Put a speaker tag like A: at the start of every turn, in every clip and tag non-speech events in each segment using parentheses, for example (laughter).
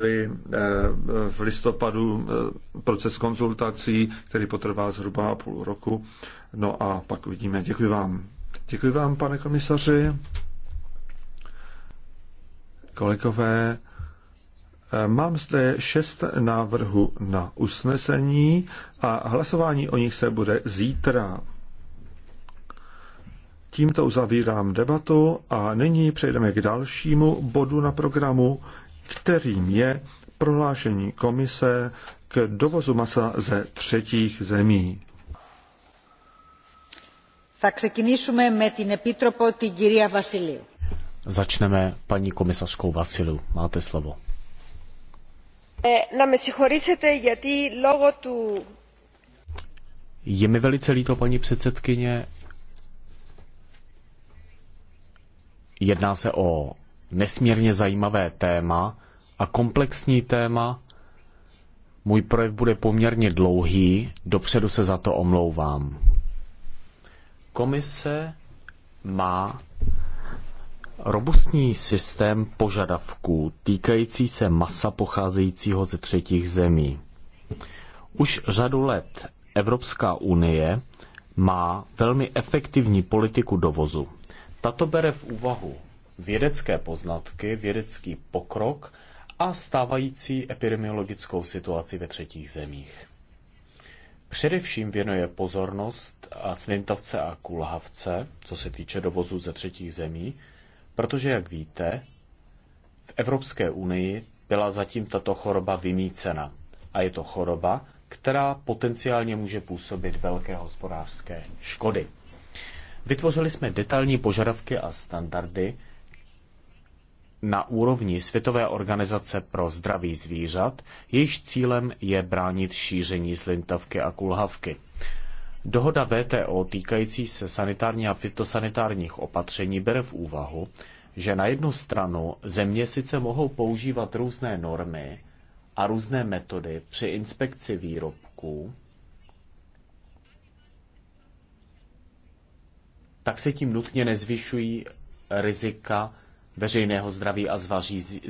A: byli eh, v listopadu eh, proces konzultací, který potrvá zhruba půl roku. No a pak vidíme. Děkuji vám. Děkuji vám, pane komisaři. Kolegové, eh, mám zde šest návrhů na usnesení a hlasování o nich se bude zítra. Tímto uzavírám debatu a nyní přejdeme k dalšímu bodu na programu, kterým je prohlášení komise k dovozu masa ze třetích zemí.
B: Začneme paní komisařkou Vasilu. Máte slovo. Je mi velice líto, paní předsedkyně. Jedná se o nesmírně zajímavé téma a komplexní téma. Můj projev bude poměrně dlouhý, dopředu se za to omlouvám. Komise má robustní systém požadavků týkající se masa pocházejícího ze třetích zemí. Už řadu let Evropská unie má velmi efektivní politiku dovozu. Tato bere v úvahu vědecké poznatky, vědecký pokrok a stávající epidemiologickou situaci ve třetích zemích. Především věnuje pozornost a slintavce a kulhavce, co se týče dovozu ze třetích zemí, protože, jak víte, v Evropské unii byla zatím tato choroba vymícena. A je to choroba, která potenciálně může působit velké hospodářské škody. Vytvořili jsme detailní požadavky a standardy na úrovni Světové organizace pro zdraví zvířat, jejíž cílem je bránit šíření slintavky a kulhavky. Dohoda VTO týkající se sanitárních a fitosanitárních opatření bere v úvahu, že na jednu stranu země sice mohou používat různé normy a různé metody při inspekci výrobků, tak se tím nutně nezvyšují rizika veřejného zdraví a zvaří,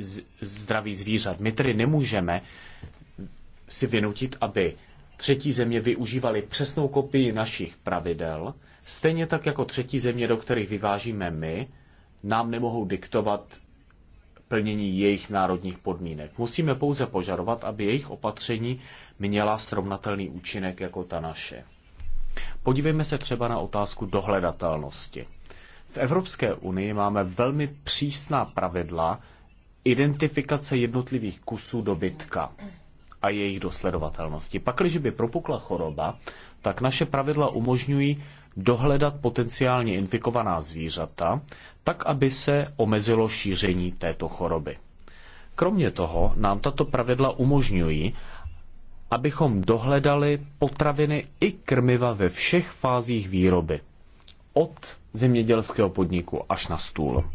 B: zdraví zvířat. My tedy nemůžeme si vynutit, aby třetí země využívaly přesnou kopii našich pravidel, stejně tak jako třetí země, do kterých vyvážíme my, nám nemohou diktovat plnění jejich národních podmínek. Musíme pouze požadovat, aby jejich opatření měla srovnatelný účinek jako ta naše. Podívejme se třeba na otázku dohledatelnosti. V Evropské unii máme velmi přísná pravidla identifikace jednotlivých kusů dobytka a jejich dosledovatelnosti. když by propukla choroba, tak naše pravidla umožňují dohledat potenciálně infikovaná zvířata, tak aby se omezilo šíření této choroby. Kromě toho nám tato pravidla umožňují, abychom dohledali potraviny i krmiva ve všech fázích výroby. Od zemědělského podniku až na stůl.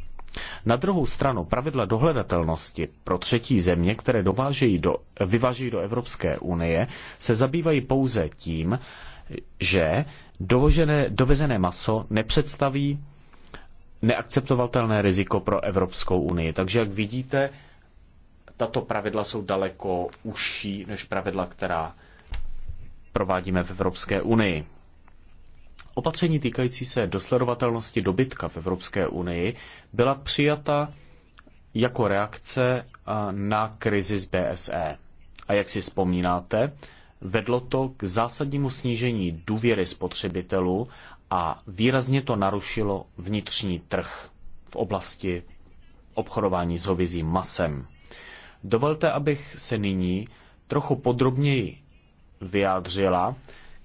B: Na druhou stranu pravidla dohledatelnosti pro třetí země, které do, vyvážejí do Evropské unie, se zabývají pouze tím, že dovožené, dovezené maso nepředstaví neakceptovatelné riziko pro Evropskou unii. Takže jak vidíte, tato pravidla jsou daleko užší než pravidla, která provádíme v Evropské unii. Opatření týkající se dosledovatelnosti dobytka v Evropské unii byla přijata jako reakce na krizi z BSE. A jak si vzpomínáte, vedlo to k zásadnímu snížení důvěry spotřebitelů a výrazně to narušilo vnitřní trh v oblasti obchodování s hovězím masem. Dovolte, abych se nyní trochu podrobněji vyjádřila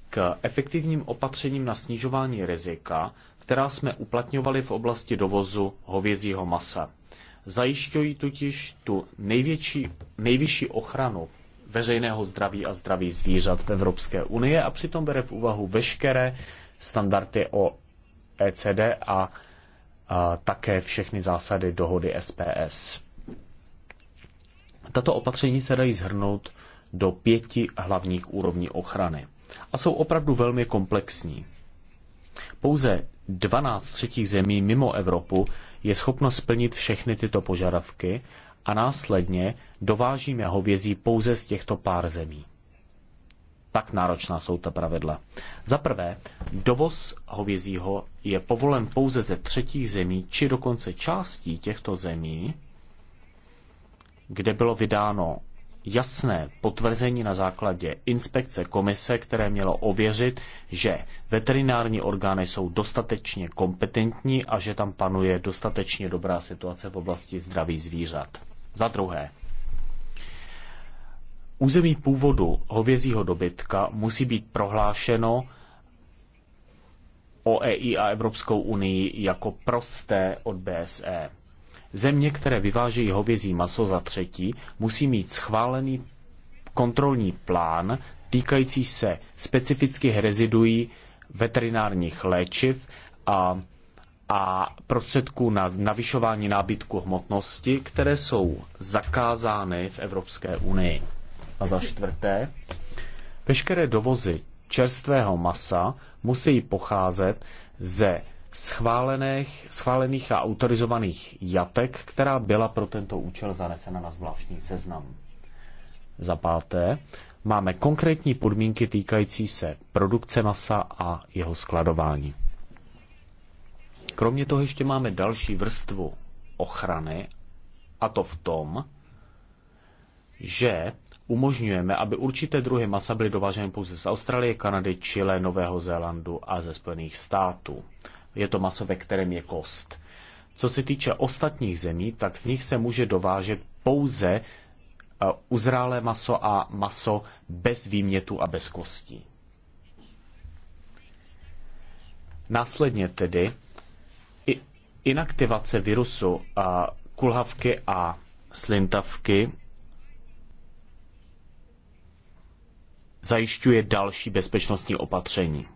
B: k efektivním opatřením na snižování rizika, která jsme uplatňovali v oblasti dovozu hovězího masa. Zajišťují totiž tu největší, nejvyšší ochranu veřejného zdraví a zdraví zvířat v Evropské unii a přitom bere v úvahu veškeré standardy o ECD a, a také všechny zásady dohody SPS. Tato opatření se dají zhrnout do pěti hlavních úrovní ochrany a jsou opravdu velmi komplexní. Pouze 12 třetích zemí mimo Evropu je schopno splnit všechny tyto požadavky a následně dovážíme hovězí pouze z těchto pár zemí. Tak náročná jsou ta pravidla. Za prvé, dovoz hovězího je povolen pouze ze třetích zemí, či dokonce částí těchto zemí, kde bylo vydáno jasné potvrzení na základě inspekce komise, které mělo ověřit, že veterinární orgány jsou dostatečně kompetentní a že tam panuje dostatečně dobrá situace v oblasti zdraví zvířat. Za druhé, území původu hovězího dobytka musí být prohlášeno OEI a Evropskou unii jako prosté od BSE. Země, které vyvážejí hovězí maso za třetí, musí mít schválený kontrolní plán týkající se specifických reziduí veterinárních léčiv a, a prostředků na navyšování nábytku hmotnosti, které jsou zakázány v Evropské unii. A za čtvrté, veškeré dovozy čerstvého masa musí pocházet ze schválených, schválených a autorizovaných jatek, která byla pro tento účel zanesena na zvláštní seznam. Za páté, máme konkrétní podmínky týkající se produkce masa a jeho skladování. Kromě toho ještě máme další vrstvu ochrany, a to v tom, že umožňujeme, aby určité druhy masa byly dováženy pouze z Austrálie, Kanady, Chile, Nového Zélandu a ze Spojených států je to maso, ve kterém je kost. Co se týče ostatních zemí, tak z nich se může dovážet pouze eh, uzrálé maso a maso bez výmětu a bez kostí. Následně tedy inaktivace virusu a eh, kulhavky a slintavky zajišťuje další bezpečnostní opatření.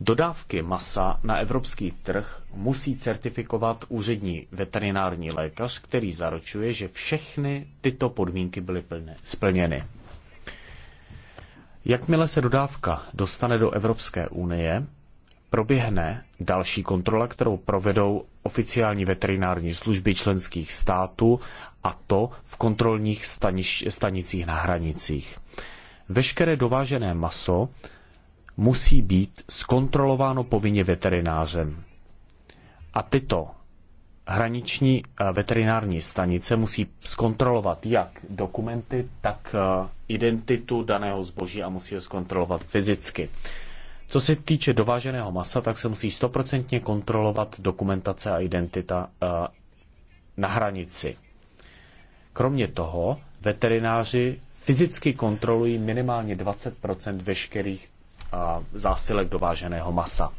B: Dodávky masa na evropský trh musí certifikovat úřední veterinární lékař, který zaručuje, že všechny tyto podmínky byly plně, splněny. Jakmile se dodávka dostane do Evropské unie, proběhne další kontrola, kterou provedou oficiální veterinární služby členských států a to v kontrolních staniš, stanicích na hranicích. Veškeré dovážené maso musí být zkontrolováno povinně veterinářem. A tyto hraniční eh, veterinární stanice musí zkontrolovat jak dokumenty, tak eh, identitu daného zboží a musí ho zkontrolovat fyzicky. Co se týče dováženého masa, tak se musí stoprocentně kontrolovat dokumentace a identita eh, na hranici. Kromě toho veterináři fyzicky kontrolují minimálně 20 veškerých zásilek dováženého masa.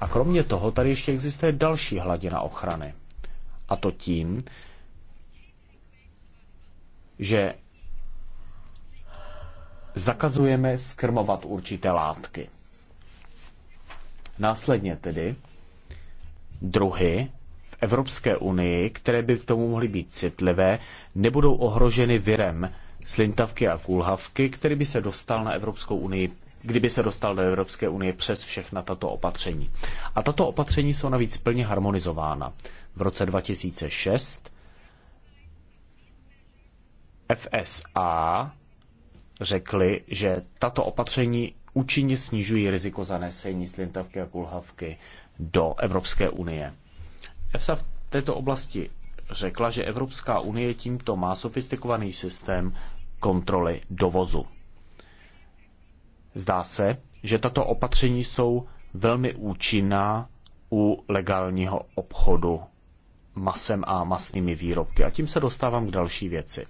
B: A kromě toho tady ještě existuje další hladina ochrany. A to tím, že zakazujeme skrmovat určité látky. Následně tedy druhy v Evropské unii, které by k tomu mohly být citlivé, nebudou ohroženy virem slintavky a kulhavky, který by se dostal na Evropskou unii kdyby se dostal do Evropské unie přes všechna tato opatření. A tato opatření jsou navíc plně harmonizována. V roce 2006 FSA řekli, že tato opatření účinně snižují riziko zanesení slintavky a kulhavky do Evropské unie. EFSA v této oblasti řekla, že Evropská unie tímto má sofistikovaný systém kontroly dovozu. Zdá se, že tato opatření jsou velmi účinná u legálního obchodu masem a masnými výrobky. A tím se dostávám k další věci.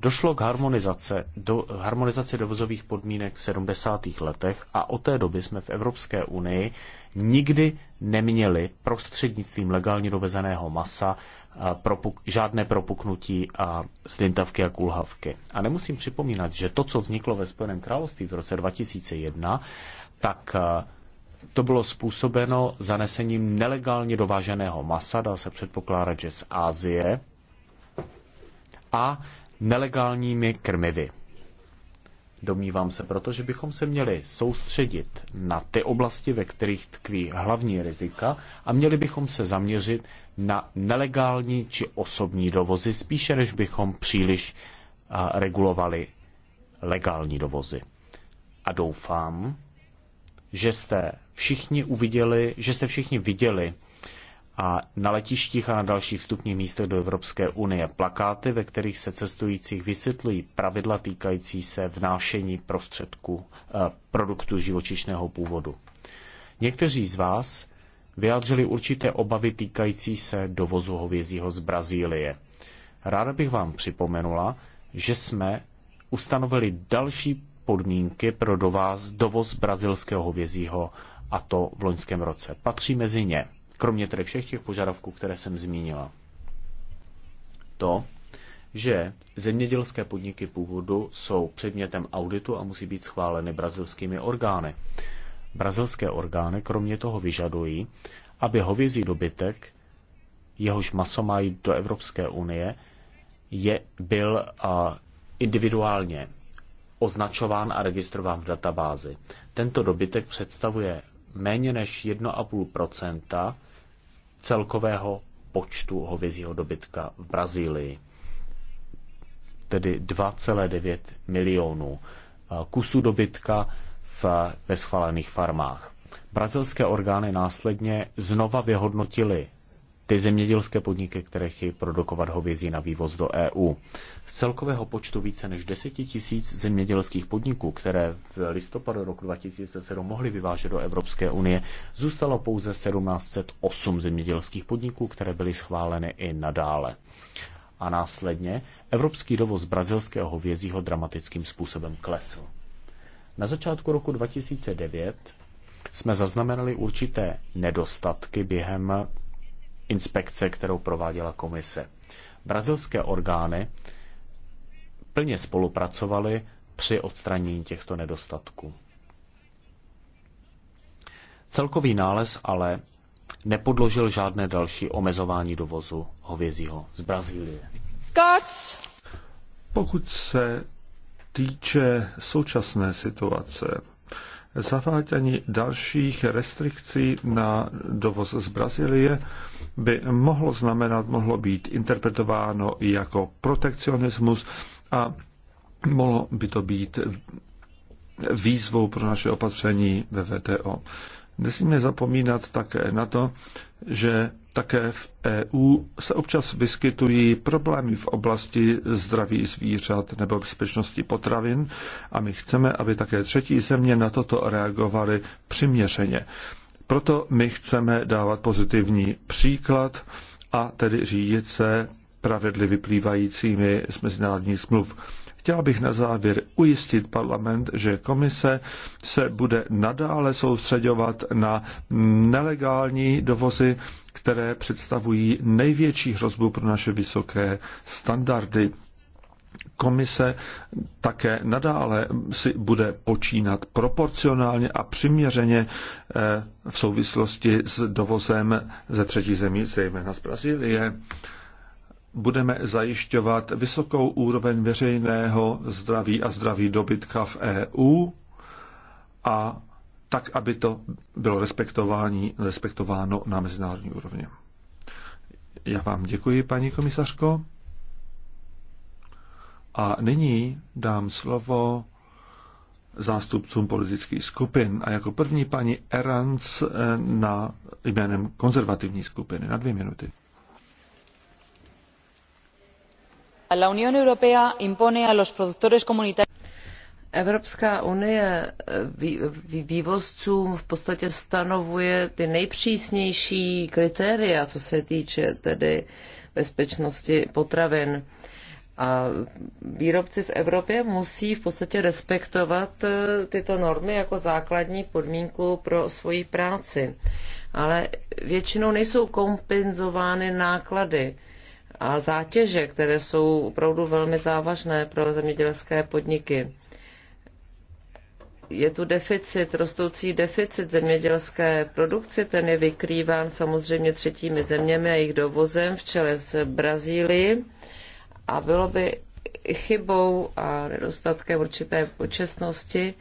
B: Došlo k harmonizace, do, harmonizaci dovozových podmínek v 70. letech a od té doby jsme v Evropské unii nikdy neměli prostřednictvím legálně dovezeného masa propuk- žádné propuknutí a slintavky a kulhavky. A nemusím připomínat, že to, co vzniklo ve Spojeném království v roce 2001, tak eh, to bylo způsobeno zanesením nelegálně dováženého masa, dá se předpokládat, že z Ázie, a nelegálními krmivy. Domnívám se proto, že bychom se měli soustředit na ty oblasti, ve kterých tkví hlavní rizika a měli bychom se zaměřit na nelegální či osobní dovozy, spíše než bychom příliš regulovali legální dovozy. A doufám, že jste všichni uviděli, že jste všichni viděli a na letištích a na dalších vstupních místech do Evropské unie plakáty, ve kterých se cestujících vysvětlují pravidla týkající se vnášení prostředků eh, produktů živočišného původu. Někteří z vás vyjádřili určité obavy týkající se dovozu hovězího z Brazílie. Ráda bych vám připomenula, že jsme ustanovili další podmínky pro dovoz, dovoz brazilského hovězího a to v loňském roce. Patří mezi ně, kromě tedy všech těch požadavků, které jsem zmínila, to, že zemědělské podniky původu jsou předmětem auditu a musí být schváleny brazilskými orgány. Brazilské orgány kromě toho vyžadují, aby hovězí dobytek, jehož maso mají do Evropské unie, je, byl a, individuálně označován a registrován v databázi. Tento dobytek představuje méně než 1,5 celkového počtu hovězího dobytka v Brazílii, tedy 2,9 milionů kusů dobytka, v, ve schválených farmách. Brazilské orgány následně znova vyhodnotily ty zemědělské podniky, které chtějí produkovat hovězí na vývoz do EU. Z celkového počtu více než 10 tisíc zemědělských podniků, které v listopadu roku 2007 mohly vyvážet do Evropské unie, zůstalo pouze 1708 zemědělských podniků, které byly schváleny i nadále. A následně evropský dovoz brazilského hovězího dramatickým způsobem klesl. Na začátku roku 2009 jsme zaznamenali určité nedostatky během inspekce, kterou prováděla komise. Brazilské orgány plně spolupracovaly při odstranění těchto nedostatků. Celkový nález ale nepodložil žádné další
A: omezování dovozu
B: hovězího z Brazílie.
A: Pokud se týče současné situace, zavádění dalších restrikcí na dovoz z Brazílie by mohlo znamenat, mohlo být interpretováno jako protekcionismus a mohlo by to být výzvou pro naše opatření ve VTO. Nesmíme zapomínat také na to, že také v EU se občas vyskytují problémy v oblasti zdraví zvířat nebo bezpečnosti potravin a my chceme, aby také třetí země na toto reagovaly přiměřeně. Proto my chceme dávat pozitivní příklad a tedy řídit se pravidly vyplývajícími z mezinárodních smluv. Chtěla bych na závěr ujistit parlament, že komise se bude nadále soustředovat na nelegální dovozy, které představují největší hrozbu pro naše vysoké standardy. Komise také nadále si bude počínat proporcionálně a přiměřeně eh, v souvislosti s dovozem ze třetí zemí, zejména z Brazílie budeme zajišťovat vysokou úroveň veřejného zdraví a zdraví dobytka v EU a tak, aby to bylo respektování, respektováno na mezinárodní úrovni. Já vám děkuji, paní komisařko. A nyní dám slovo zástupcům politických skupin a jako první paní Erans na jménem konzervativní skupiny na dvě minuty.
C: la unión europea impone a los productores comunitarios Evropská unie eh, vývozcům v podstatě stanovuje ty nejpřísnější kritéria, co se týče tedy bezpečnosti potravin. A výrobci v Evropě musí v podstatě respektovat eh, tyto normy jako základní podmínku pro svoji práci. Ale většinou nejsou kompenzovány náklady a zátěže, které jsou opravdu velmi závažné pro zemědělské podniky. Je tu deficit, rostoucí deficit zemědělské produkce, ten je vykrýván samozřejmě třetími zeměmi a jejich dovozem v čele s Brazílii. a bylo by chybou a nedostatkem určité počestnosti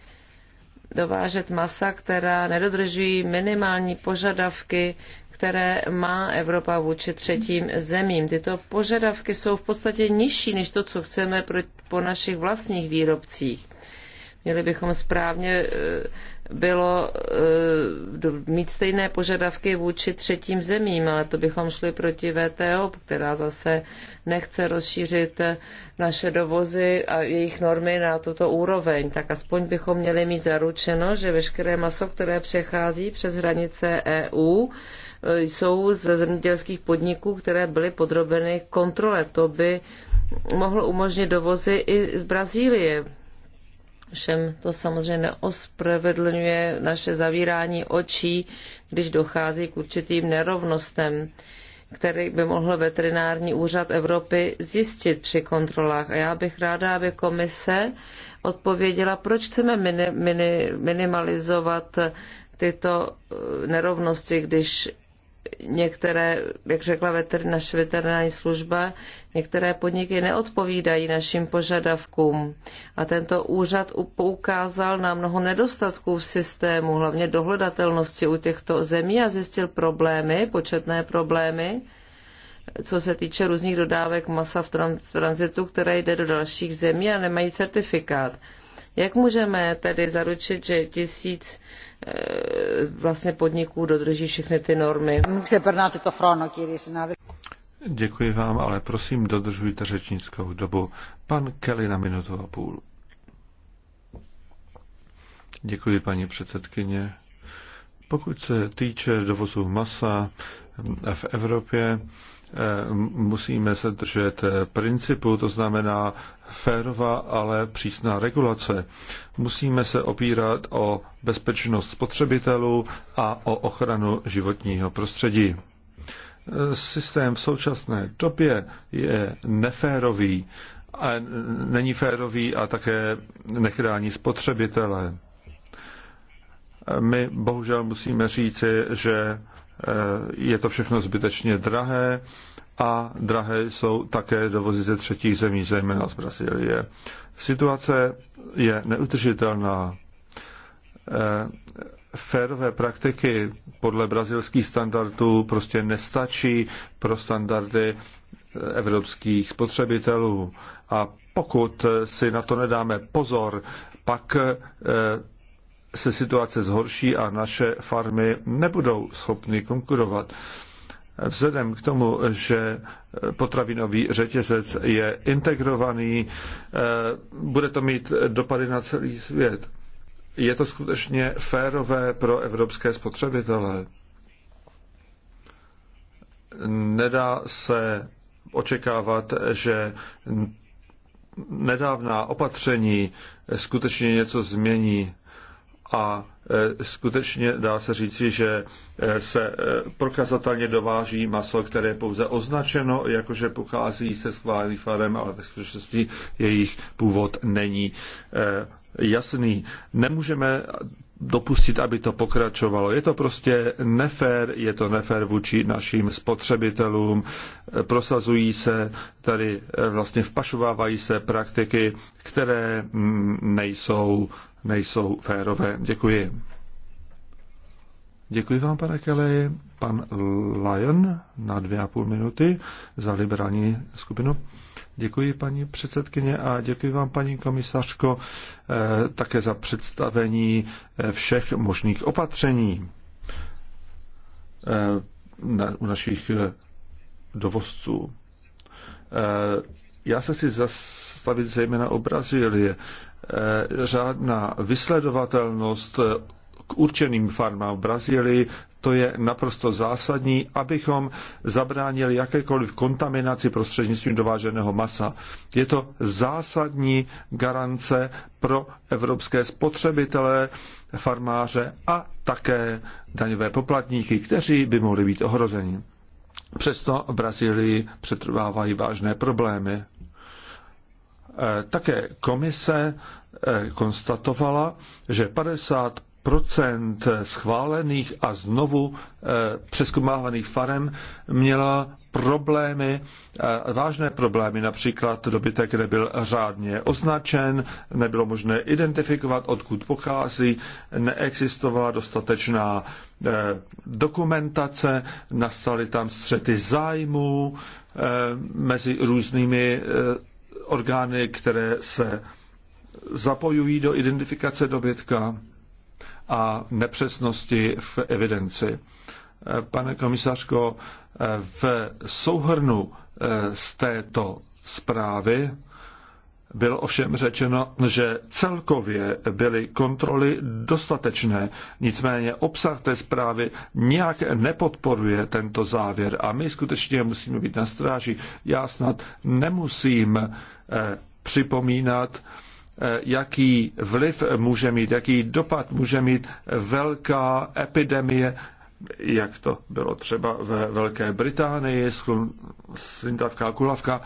C: dovážet masa, která nedodržují minimální požadavky které má Evropa vůči třetím zemím. Tyto požadavky jsou v podstatě nižší než to, co chceme po našich vlastních výrobcích. Měli bychom správně eh, bylo eh, mít stejné požadavky vůči třetím zemím, ale to bychom šli proti VTO, která zase nechce rozšířit eh, naše dovozy a jejich normy na tuto úroveň. Tak aspoň bychom měli mít zaručeno, že veškeré maso, které přechází přes hranice EU, Eh, jsou ze zemědělských podniků, které byly podrobeny kontrole. To by mohlo umožnit dovozy i z Brazílie. Všem to samozřejmě neospravedlňuje naše zavírání očí, když dochází k určitým nerovnostem, který by mohl veterinární úřad Evropy zjistit při kontrolách. A já bych ráda, aby komise odpověděla, proč chceme mini, mini, minimalizovat tyto eh, nerovnosti, když některé, jak řekla veter, naše veterinární služba, některé podniky neodpovídají našim požadavkům. A tento úřad poukázal na mnoho nedostatků v systému, hlavně dohledatelnosti u těchto zemí a zjistil problémy, početné problémy, co se týče různých dodávek masa v tranzitu, které jde do dalších zemí a nemají certifikát. Jak můžeme tedy zaručit, že tisíc Eh, vlastně podniků dodrží všechny ty normy.
A: Děkuji vám, ale prosím dodržujte řečnickou dobu. Pan Kelly na minutu a půl. Děkuji, paní předsedkyně. Pokud se týče dovozu masa v Evropě, Eh, musíme se držet principu, to znamená férová, ale přísná regulace. Musíme se opírat o bezpečnost spotřebitelů a o ochranu životního prostředí. Eh, systém v současné době je neférový, a není férový a také nechrání spotřebitele. Eh, my bohužel musíme říci, že Eh, je to všechno zbytečně drahé a drahé jsou také dovozy ze třetích zemí, zejména z Brazílie. Situace je neutržitelná. Eh, férové praktiky podle brazilských standardů prostě nestačí pro standardy eh, evropských spotřebitelů. A pokud si na to nedáme pozor, pak se situace zhorší a naše farmy nebudou schopny konkurovat. Vzhledem k tomu, že potravinový řetězec je integrovaný, eh, bude to mít dopady na celý svět. Je to skutečně férové pro evropské spotřebitele? Nedá se očekávat, že nedávná opatření skutečně něco změní a e, skutečně dá se říci, že e, se e, prokazatelně dováží maso, které je pouze označeno, jakože pochází se schválený farem, ale ve skutečnosti jejich původ není jasný. Nemůžeme dopustit, aby to pokračovalo. Je to prostě nefér, je to nefér vůči našim spotřebitelům. Prosazují se tady, vlastně vpašovávají se praktiky, které mm, nejsou nejsou férové. Děkuji. Děkuji vám, pane Kelly. Pan Lyon na dvě a půl minuty za liberální skupinu. Děkuji, paní předsedkyně, a děkuji vám, paní komisařko, eh, také za představení eh, všech možných opatření eh, u našich dovozců. Já se chci zastavit zejména o Brazílii. Eh, řádná vysledovatelnost eh, k určeným farmám v Brazílii, to je naprosto zásadní, abychom zabránili jakékoliv kontaminaci prostřednictvím dováženého masa. Je to zásadní garance pro evropské spotřebitele, farmáře a také daňové poplatníky, kteří by mohli být ohrozeni. Přesto v Brazílii přetrvávají vážné problémy. Eh, také komise eh, konstatovala, že 50 schválených a znovu eh, přeskumávaných farem měla problémy, vážné problémy, například dobytek nebyl řádně označen, nebylo možné identifikovat, odkud pochází, neexistovala dostatečná dokumentace, nastaly tam střety zájmů mezi různými orgány, které se zapojují do identifikace dobytka a nepřesnosti v evidenci. Pane komisařko, v souhrnu eh, z této zprávy bylo ovšem řečeno, že celkově byly kontroly dostatečné, nicméně obsah té zprávy nějak nepodporuje tento závěr a my skutečně musíme být na stráži. Já snad nemusím Eh, připomínat, eh, jaký vliv může mít, jaký dopad může mít velká epidemie, jak to bylo třeba ve Velké Británii, slintavka kulavka,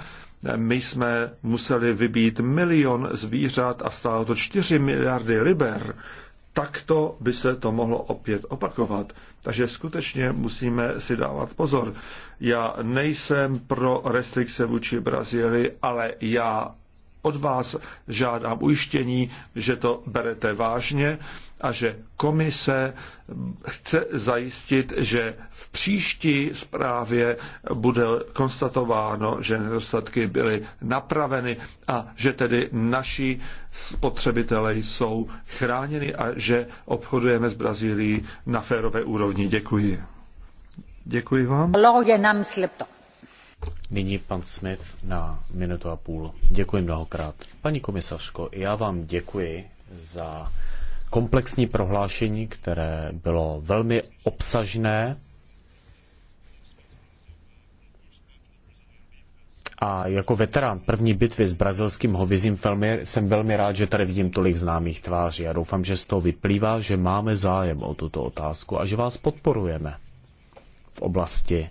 A: my jsme museli vybít milion zvířat a stálo to 4 miliardy liber takto by se to mohlo opět opakovat. Takže skutečně musíme si dávat pozor. Já nejsem pro restrikce vůči Brazílii, ale já od vás žádám ujištění, že to berete vážně a že komise chce zajistit, že v příští zprávě bude konstatováno, že nedostatky byly napraveny a že tedy naši spotřebitelé jsou chráněni a že obchodujeme s Brazílií na férové úrovni. Děkuji. Děkuji
B: vám. Nyní pan Smith na minutu a půl. Děkuji mnohokrát. Paní komisařko, já vám děkuji za komplexní prohlášení, které bylo velmi obsažné A jako veterán první bitvy s brazilským hovězím filmy jsem velmi rád, že tady vidím tolik známých tváří a doufám, že z toho vyplývá, že máme zájem o tuto otázku a že vás podporujeme v oblasti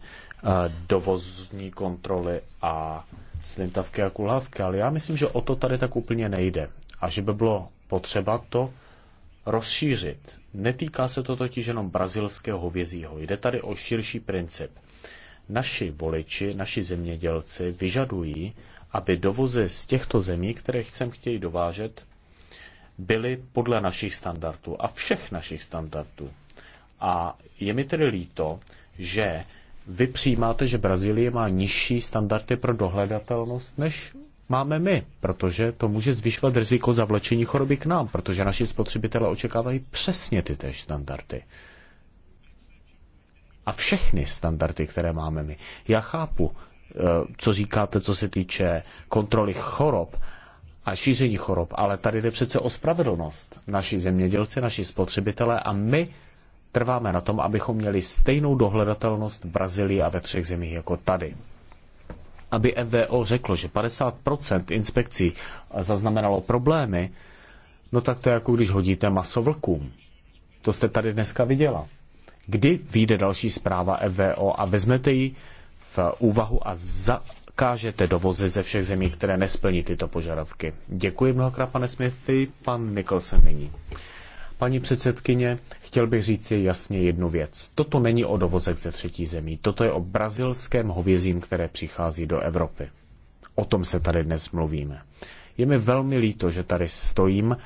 B: dovozní kontroly a slintavky a kulhavky, ale já myslím, že o to tady tak úplně nejde a že by bylo potřeba to rozšířit. Netýká se to totiž jenom brazilského hovězího, jde tady o širší princip. Naši voliči, naši zemědělci vyžadují, aby dovozy z těchto zemí, které chcem chtějí dovážet, byly podle našich standardů a všech našich standardů. A je mi tedy líto, že vy přijímáte, že Brazílie má nižší standardy pro dohledatelnost než máme my, protože to může zvyšovat riziko zavlečení choroby k nám, protože naši spotřebitelé očekávají přesně ty tež standardy. A všechny standardy, které máme my. Já chápu, eh, co říkáte, co se týče kontroly chorob a šíření chorob, ale tady jde přece o spravedlnost. Naši zemědělci, naši spotřebitelé a my trváme na tom, abychom měli stejnou dohledatelnost v Brazílii a ve třech zemích jako tady. Aby MVO řeklo, že 50% inspekcí zaznamenalo problémy, no tak to je jako když hodíte maso vlkům. To jste tady dneska viděla. Kdy vyjde další zpráva MVO a vezmete ji v úvahu a zakážete dovozy ze všech zemí, které nesplní tyto požadavky? Děkuji mnohokrát, pane Smithy. Pan Nicholson nyní. Paní předsedkyně, chtěl bych říct si jasně jednu věc. Toto není o dovozech ze třetí zemí, toto je o brazilském hovězím, které přichází do Evropy. O tom se tady dnes mluvíme. Je mi velmi líto, že tady stojím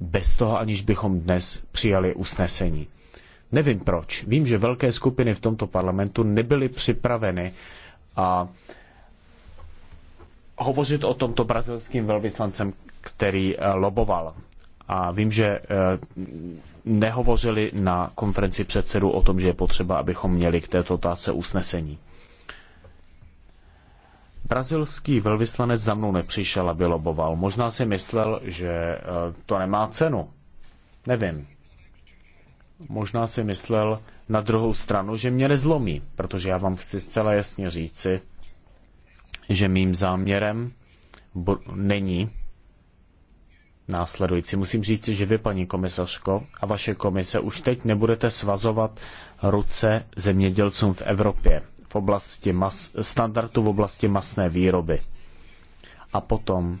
B: bez toho, aniž bychom dnes přijali usnesení. Nevím proč. Vím, že velké skupiny v tomto parlamentu nebyly připraveny a hovořit o tomto brazilským velvyslancem, který eh, loboval a vím, že eh, nehovořili na konferenci předsedů o tom, že je potřeba, abychom měli k této otázce usnesení. Brazilský velvyslanec za mnou nepřišel, a vyloboval. Možná si myslel, že eh, to nemá cenu. Nevím. Možná si myslel na druhou stranu, že mě nezlomí, protože já vám chci zcela jasně říci, že mým záměrem není následující. Musím říct, že vy, paní komisařko, a vaše komise už teď nebudete svazovat ruce zemědělcům v Evropě v oblasti mas, standardu v oblasti masné výroby. A potom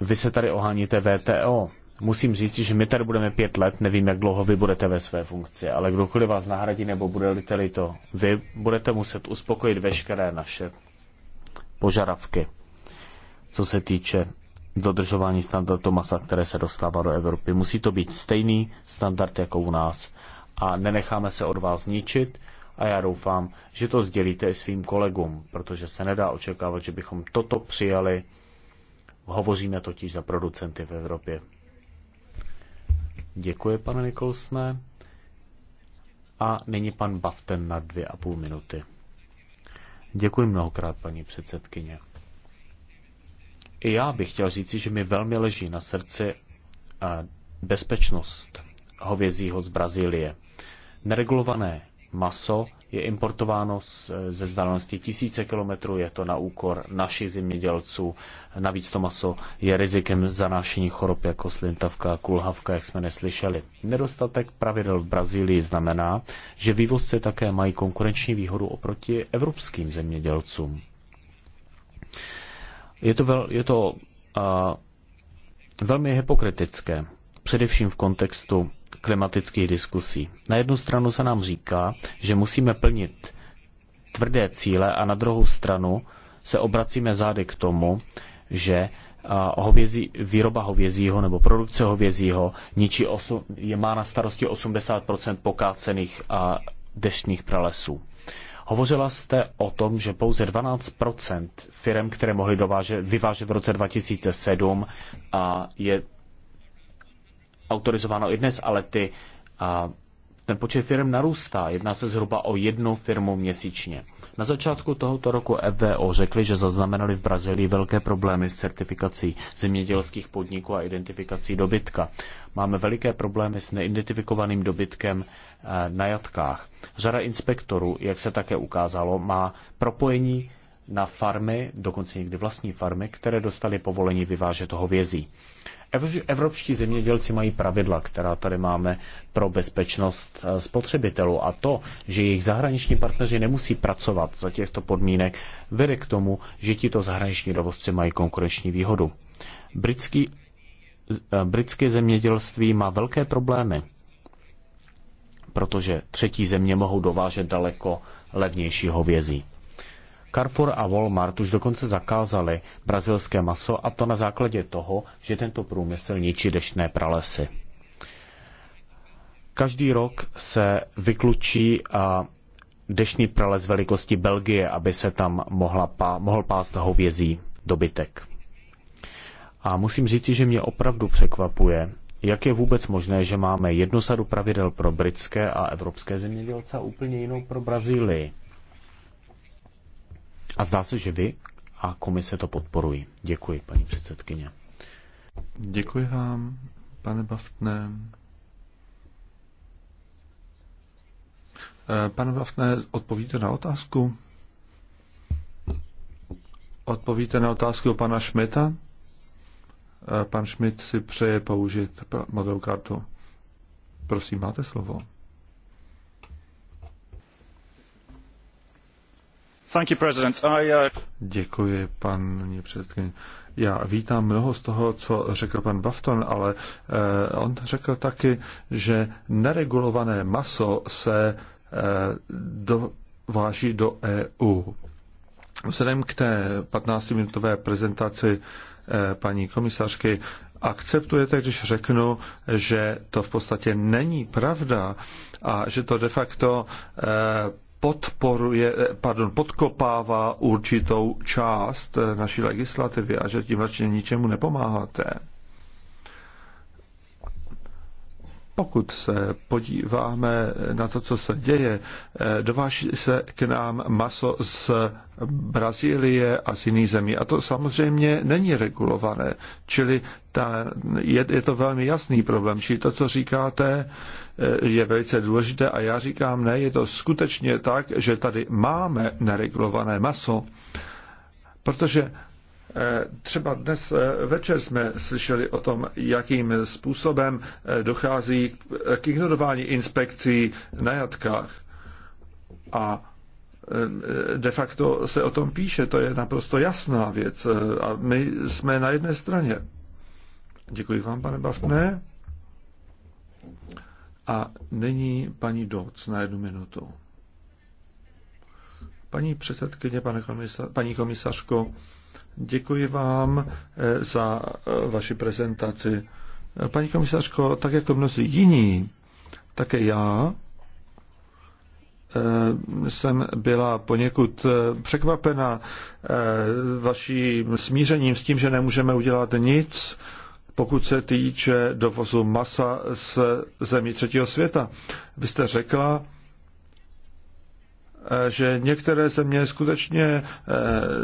B: vy se tady oháníte VTO. Musím říct, že my tady budeme pět let, nevím, jak dlouho vy budete ve své funkci, ale kdokoliv vás nahradí nebo budete-li to, vy budete muset uspokojit veškeré naše požadavky co se týče dodržování standardu masa, které se dostává do Evropy. Musí to být stejný standard jako u nás a nenecháme se od vás ničit a já doufám, že to sdělíte i svým kolegům, protože se nedá očekávat, že bychom toto přijali. Hovoříme totiž za producenty v Evropě. Děkuji, pane Nikolsne. A nyní pan Baften na dvě a půl minuty. Děkuji mnohokrát, paní předsedkyně. I já bych chtěl říci, že mi velmi leží na srdci eh, bezpečnost hovězího z Brazílie. Neregulované maso je importováno eh, ze vzdálenosti tisíce kilometrů, je to na úkor našich zemědělců. Navíc to maso je rizikem zanášení chorob jako slintavka kulhavka, jak jsme neslyšeli. Nedostatek pravidel v Brazílii znamená, že vývozci také mají konkurenční výhodu oproti evropským zemědělcům. Je to, vel, je to a, velmi hypokritické, především v kontextu klimatických diskusí. Na jednu stranu se nám říká, že musíme plnit tvrdé cíle a na druhou stranu se obracíme zády k tomu, že hovězí, výroba hovězího nebo produkce hovězího ničí osu, je, má na starosti 80 pokácených a deštných pralesů. Hovořila jste o tom, že pouze 12 firm, které mohly dovážet, vyvážet v roce 2007, a je autorizováno i dnes, ale ty a, ten počet firm narůstá, jedná se zhruba o jednu firmu měsíčně. Na začátku tohoto roku FVO řekli, že zaznamenali v Brazílii velké problémy s certifikací zemědělských podniků a identifikací dobytka. Máme veliké problémy s neidentifikovaným dobytkem eh, na jatkách. Řada inspektorů, jak se také ukázalo, má propojení na farmy, dokonce někdy vlastní farmy, které dostaly povolení vyvážet vězí. Evropští zemědělci mají pravidla, která tady máme pro bezpečnost eh, spotřebitelů a to, že jejich zahraniční partneři nemusí pracovat za těchto podmínek, vede k tomu, že tito zahraniční dovozci mají konkurenční výhodu. Britský, eh, britské zemědělství má velké problémy, protože třetí země mohou dovážet daleko levnější hovězí. Carrefour a Walmart už dokonce zakázali brazilské maso a to na základě toho, že tento průmysl ničí deštné pralesy. Každý rok se vyklučí a dešný prales velikosti Belgie, aby se tam mohla pá, mohl pást hovězí dobytek. A musím říci, že mě opravdu překvapuje, jak je vůbec možné, že máme jednu sadu pravidel pro britské a evropské zemědělce a úplně jinou pro Brazílii. A zdá se, že vy a komise to podporují. Děkuji, paní předsedkyně.
A: Děkuji vám, pane Baftne. Eh, pane Baftne, odpovíte na otázku? Odpovíte na otázku o pana Šmita? Eh, pan Šmit si přeje použít modrou kartu. Prosím, máte slovo. Uh, paní předsedkyně. Já vítám mnoho z toho, co řekl pan Bafton, ale eh, on řekl taky, že neregulované maso se eh, dováží do EU. Vzhledem k té 15-minutové prezentaci eh, paní komisařky, akceptujete, když řeknu, že to v podstatě není pravda a že to de facto eh, podporuje, pardon, podkopává určitou část naší legislativy a že tím vlastně ničemu nepomáháte. Pokud se podíváme na to, co se děje, eh, dováží se k nám maso z Brazílie a z jiných zemí. A to samozřejmě není regulované. Čili ta, je, je to velmi jasný problém. Čili to, co říkáte, eh, je velice důležité. A já říkám, ne, je to skutečně tak, že tady máme neregulované maso, protože Eh, třeba dnes eh, večer jsme slyšeli o tom, jakým způsobem eh, dochází k ignorování inspekcí na jatkách. A de facto se o tom píše, to je naprosto jasná věc. A my jsme na jedné straně. Děkuji vám, pane Bavné. A nyní paní Doc na jednu minutu. Paní předsedkyně, pane komisa, paní komisařko, Děkuji vám eh, za eh, vaši prezentaci. Eh, paní komisařko, tak jako mnozí jiní, také já jsem byla poněkud překvapena vaším smířením s tím, že nemůžeme udělat nic, pokud se týče dovozu masa z zemí třetího světa. Vy jste řekla, Eh, že některé země skutečně eh,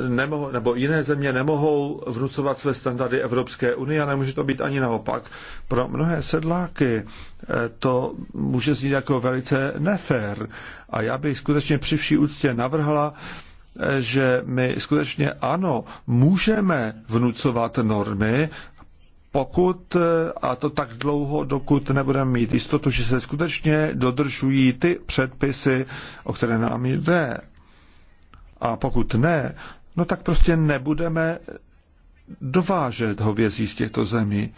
A: nemohou, nebo jiné země nemohou vnucovat své standardy Evropské unie a nemůže to být ani naopak. Pro mnohé sedláky eh, to může znít jako velice nefér a já bych skutečně při vší úctě navrhla, že my skutečně ano, můžeme vnucovat normy, pokud, eh, a to tak dlouho, dokud nebudeme mít jistotu, že se skutečně dodržují ty předpisy, o které nám jde. A pokud ne, no tak prostě nebudeme dovážet hovězí z těchto zemí.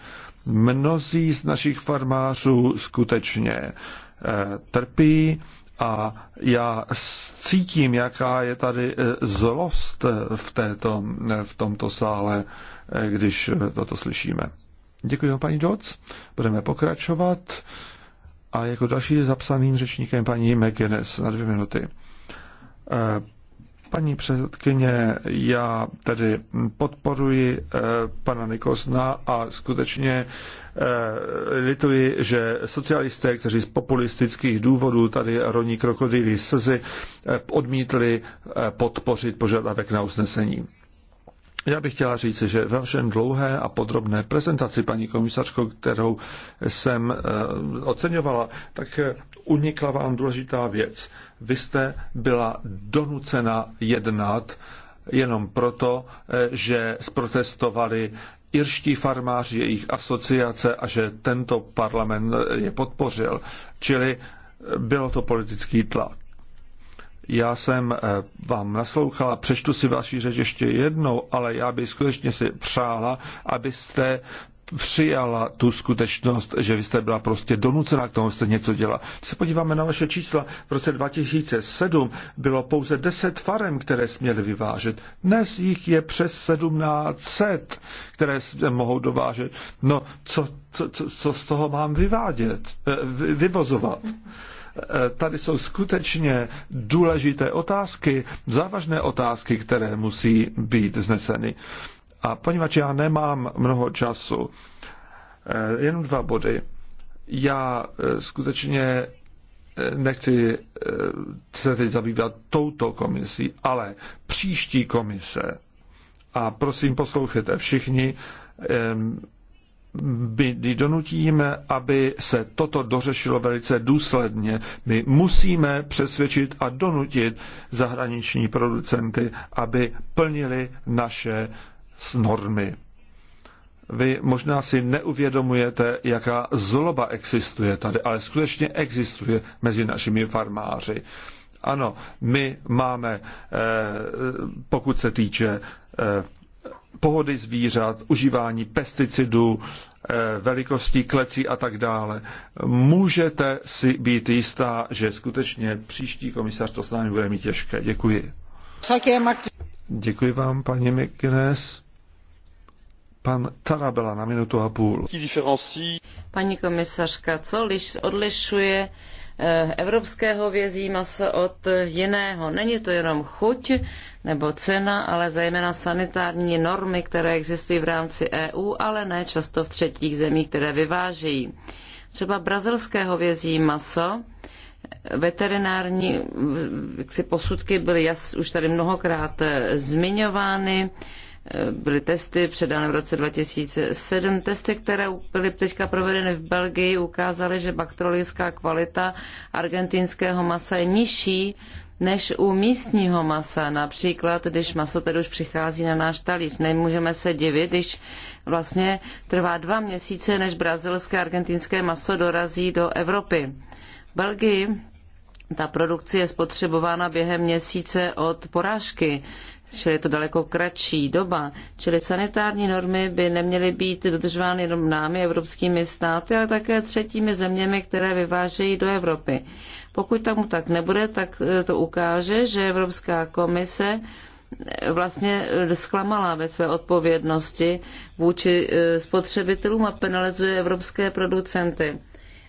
A: Mnozí z našich farmářů skutečně eh, trpí a já cítím, jaká je tady eh, zlost v, této, v tomto sále, když toto slyšíme. Děkuji vám, paní Dodds. Budeme pokračovat. A jako další zapsaným řečníkem paní McGuinness na dvě minuty. Eh, paní předsedkyně, já tedy podporuji eh, pana Nikosna a skutečně eh, lituji, že socialisté, kteří z populistických důvodů tady roní krokodýlí slzy, odmítli podpořit požadavek na usnesení. Já bych chtěla říct, že ve všem dlouhé a podrobné prezentaci paní komisařko, kterou jsem eh, oceňovala, tak eh, unikla vám důležitá věc. Vy jste byla donucena jednat jenom proto, eh, že zprotestovali irští farmáři, jejich asociace a že tento parlament je podpořil. Čili bylo to politický tlak. Já jsem eh, vám naslouchala, přečtu si vaši řeč ještě jednou, ale já bych skutečně si přála, abyste přijala tu skutečnost, že vy jste byla prostě donucena k tomu, jste něco dělala. Když se podíváme na vaše čísla, v roce 2007 bylo pouze 10 farem, které směly vyvážet. Dnes jich je přes 1700, které mohou dovážet. No, co, co, co z toho mám vyvádět, eh, vy, vyvozovat? Mm-hmm tady jsou skutečně důležité otázky, závažné otázky, které musí být zneseny. A poněvadž já nemám mnoho času, eh, jenom dva body. Já eh, skutečně eh, nechci se teď zabývat touto komisí, ale příští komise. A prosím, poslouchejte všichni, kdy donutíme, aby se toto dořešilo velice důsledně. My musíme přesvědčit a donutit zahraniční producenty, aby plnili naše normy. Vy možná si neuvědomujete, jaká zloba existuje tady, ale skutečně existuje mezi našimi farmáři. Ano, my máme, eh, pokud se týče eh, pohody zvířat, užívání pesticidů, Eh, velikostí klecí a tak dále. Můžete si být jistá, že skutečně příští komisař to s námi bude mít těžké. Děkuji. Děkuji vám, paní McGuinness. Pan Tarabela na minutu a půl.
C: Paní komisařka, co liš, odlišuje Eh, evropského vězí maso od jiného. Není to jenom chuť nebo cena, ale zejména sanitární normy, které existují v rámci EU, ale ne často v třetích zemích, které vyvážejí. Třeba brazilského vězí maso, veterinární eh, jak posudky byly jas, už tady mnohokrát eh, zmiňovány, Eh, byly testy předány v roce 2007. Testy, které byly teďka provedeny v Belgii, ukázaly, že bakteriologická kvalita argentinského masa je nižší než u místního masa. Například, když maso tedy už přichází na náš talíř. Nemůžeme se divit, když vlastně trvá dva měsíce, než brazilské argentinské maso dorazí do Evropy. V Belgii ta produkce je spotřebována během měsíce od porážky čili je to daleko kratší doba. Čili sanitární normy by neměly být dodržovány jenom námi, evropskými státy, ale také třetími zeměmi, které vyvážejí do Evropy. Pokud tomu tak nebude, tak e, to ukáže, že Evropská komise e, vlastně zklamala ve své odpovědnosti vůči e, spotřebitelům a penalizuje evropské producenty.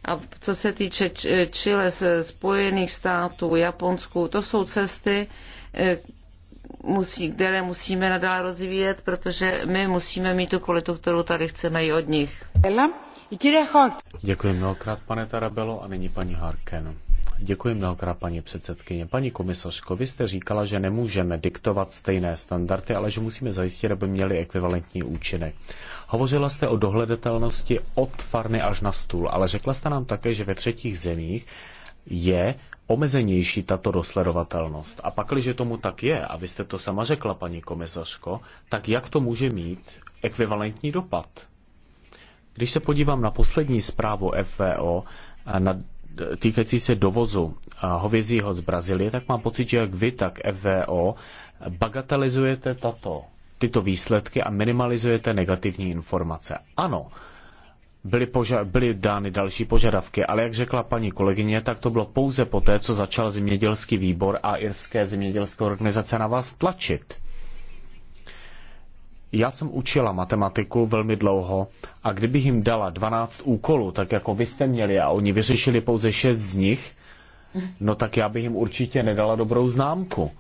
C: A co se týče Chile, Spojených států, Japonsku, to jsou cesty, musí, které musíme nadále rozvíjet, protože my musíme mít tu kvalitu, kterou tady chceme i od nich.
B: Děkuji mnohokrát, pane Tarabelo, a nyní paní Harken. Děkuji mnohokrát, paní předsedkyně. Paní komisařko, vy jste říkala, že nemůžeme diktovat stejné standardy, ale že musíme zajistit, aby měli ekvivalentní účinek. Hovořila jste o dohledatelnosti od farmy až na stůl, ale řekla jste nám také, že ve třetích zemích je omezenější tato dosledovatelnost. A pak, když tomu tak je, a vy jste to sama řekla, paní komisařko, tak jak to může mít ekvivalentní dopad? Když se podívám na poslední zprávu FVO na týkající se dovozu hovězího z Brazílie, tak mám pocit, že jak vy, tak FVO bagatelizujete tato, tyto výsledky a minimalizujete negativní informace. Ano, byly, poža- byly dány další požadavky, ale jak řekla paní kolegyně, tak to bylo pouze poté, co začal zemědělský výbor a irské zemědělské organizace na vás tlačit. Já jsem učila matematiku velmi dlouho a kdybych jim dala 12 úkolů, tak jako vy jste měli a oni vyřešili pouze 6 z nich, no tak já bych jim určitě nedala dobrou známku